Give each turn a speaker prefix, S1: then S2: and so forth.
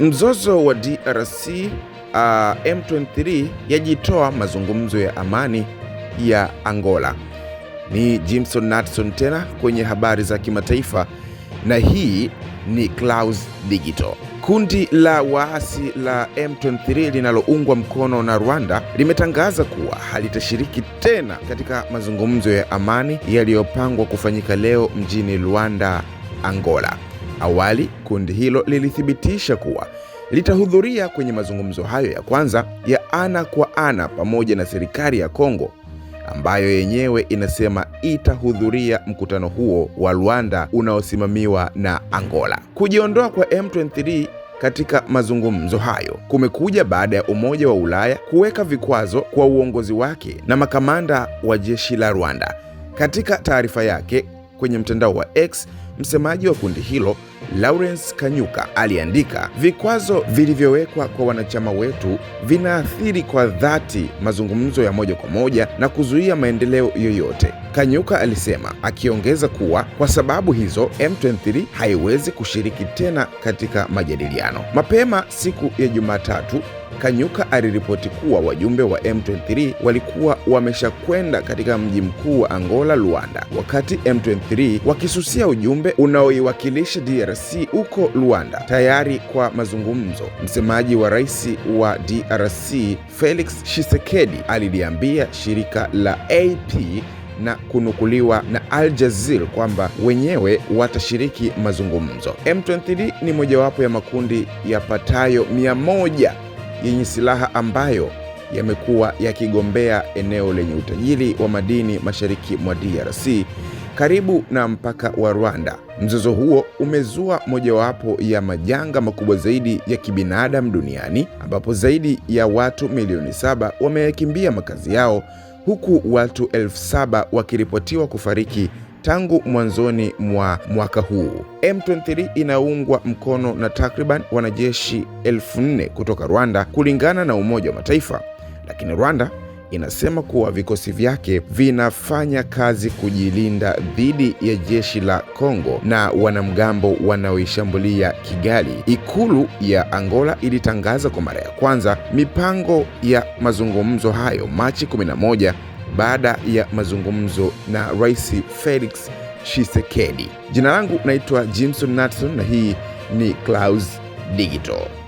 S1: Mzozo wa DRC, uh, ah, M23 yajitoa mazungumzo ya amani ya Angola. Ni Jimson Natson tena kwenye habari za kimataifa na hii ni Clouds Digital. Kundi la waasi la M23 linaloungwa mkono na Rwanda limetangaza kuwa halitashiriki tena katika mazungumzo ya amani yaliyopangwa kufanyika leo mjini Luanda, Angola. Awali kundi hilo lilithibitisha kuwa litahudhuria kwenye mazungumzo hayo ya kwanza ya ana kwa ana pamoja na serikali ya Kongo ambayo yenyewe inasema itahudhuria mkutano huo wa Rwanda unaosimamiwa na Angola. Kujiondoa kwa M23 katika mazungumzo hayo kumekuja baada ya Umoja wa Ulaya kuweka vikwazo kwa uongozi wake na makamanda wa jeshi la Rwanda. Katika taarifa yake kwenye mtandao wa X, Msemaji wa kundi hilo Lawrence Kanyuka aliandika, vikwazo vilivyowekwa kwa wanachama wetu vinaathiri kwa dhati mazungumzo ya moja kwa moja na kuzuia maendeleo yoyote. Kanyuka alisema, akiongeza kuwa kwa sababu hizo M23 haiwezi kushiriki tena katika majadiliano. Mapema siku ya Jumatatu Kanyuka aliripoti kuwa wajumbe wa M23 walikuwa wameshakwenda katika mji mkuu wa Angola, Luanda, wakati M23 wakisusia ujumbe unaoiwakilisha DRC huko Luanda tayari kwa mazungumzo. Msemaji wa rais wa DRC Felix Tshisekedi aliliambia shirika la AP na kunukuliwa na Al Jazeera kwamba wenyewe watashiriki mazungumzo. M23 ni mojawapo ya makundi yapatayo mia moja yenye silaha ambayo yamekuwa yakigombea eneo lenye utajiri wa madini mashariki mwa DRC karibu na mpaka wa Rwanda. Mzozo huo umezua mojawapo ya majanga makubwa zaidi ya kibinadamu duniani ambapo zaidi ya watu milioni saba wameyakimbia makazi yao huku watu elfu saba wakiripotiwa kufariki tangu mwanzoni mwa mwaka huu. M23 inaungwa mkono na takriban wanajeshi elfu nne kutoka Rwanda kulingana na Umoja wa Mataifa, lakini Rwanda inasema kuwa vikosi vyake vinafanya kazi kujilinda dhidi ya jeshi la Kongo na wanamgambo wanaoishambulia Kigali. Ikulu ya Angola ilitangaza kwa mara ya kwanza mipango ya mazungumzo hayo Machi 11 baada ya mazungumzo na Rais Felix Tshisekedi. Jina langu naitwa Jimson Natson na hii ni Clouds Digital.